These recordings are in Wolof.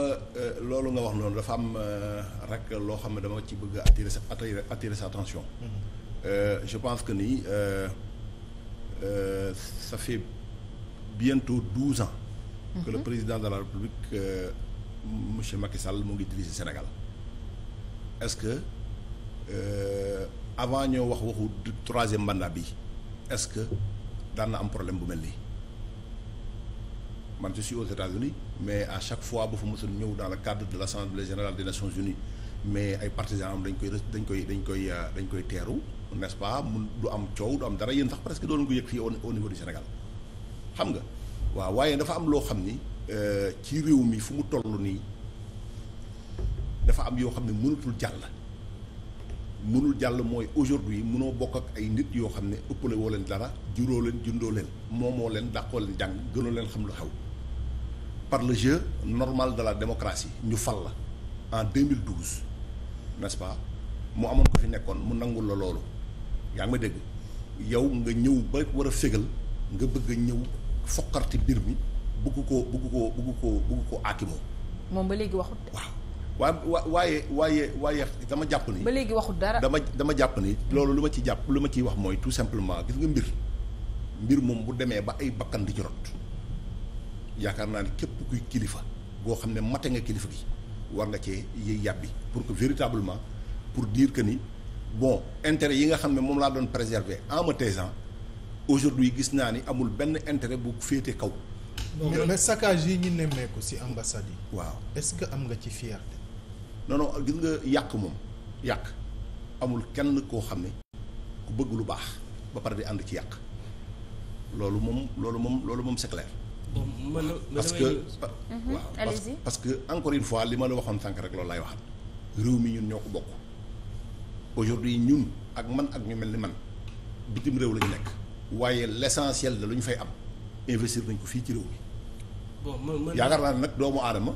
Euh, loolu nga wax noonu dafa am euh, rek loo xam ne dama ci bëgg a attirer attire attirer sa attention. Mm-hmm. Euh, je pense que nii ça fait bientôt douze ans. que le mm-hmm. président de la République monsieur Macky Sall mu ngi diriger Sénégal est-ce que avant ñoo wax waxu troisième mandat bi est-ce que daan na am problème bu mel nii. man je suis États-Unis mais à chaque fois ba fa mësul ñëw dans le cadre de l'Assemblée générale des Nations Unies mais ay partisans am dañ koy dañ koy dañ koy euh, dañ koy teeru n'est-ce pas mun du am coow du am dara yéen sax presque doon ko yëg fii au niveau du Sénégal xam nga waaw waaye dafa am loo xam ni euh, ci réew mi fu mu toll nii dafa am yoo xam ne mënatul jàll mënul jàll mooy aujourd'hui mënoo bokk ak ay nit yoo xam ne ëpp la woo leen dara juróo leen jundoo leen moo leen dàqoo leen jàng gënoo leen xam lu xew par le jeu normal de la démocratie ñu fal la en 2012 n'est-ce pas mu amoon ko fi nekkoon mu nangul la loolu yaa ngi ma dégg yow nga ñëw ba war a fégal nga bëgg ñëw fokkarti mbir mi bëgg koo bëgg koo bëgg ko bëgg koo aakimoo moom ba léegi waxut waaw wa waaye waaye waaye dama jàpp ni ba léegi waxut dara dama dama jàpp ni loolu lu ma ci jàpp lu ma ciy wax mooy tout simplement gis nga mbir mbir moom bu demee ba ay bakkan di ci yaakaar naa ne képp kuy kilifa boo xam ne mate nga kilifa gi war nga cee yiy yàbbi pour que véritablement pour dire que ni bon intérêt yi nga xam ne moom laa doon préserver en me taisant aujourd'hui gis naa ni amul benn intérêt bu féete kaw. mais mais saccage yi ñu nemmeeku ci ambassade yi. waaw est-ce que am nga ci fierté. non gis nga yàq moom yàq amul kenn koo xam ne ku bëgg lu baax ba pare di ànd ci yàq loolu moom loolu moom loolu moom c'est parce que mhm. waaw parce que encore une fois li ma la waxoon sànq rek loolu laay waxaat réew mi ñun ñoo ko bokk aujourd'hui ñun ak man ak ñu mel ni man bitim réew la nekk waaye l'essentiel la lu ñu fay am investir nañ ko fii ci réew mi bon yaakaar naa ne nag doomu aadama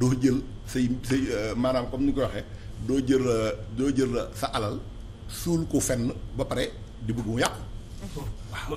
doo jël say say euh, maanaam comme ni koy waxee doo jël euh, doo jël sa alal suul ko fenn ba pare di bëgg mu yàqu mhm.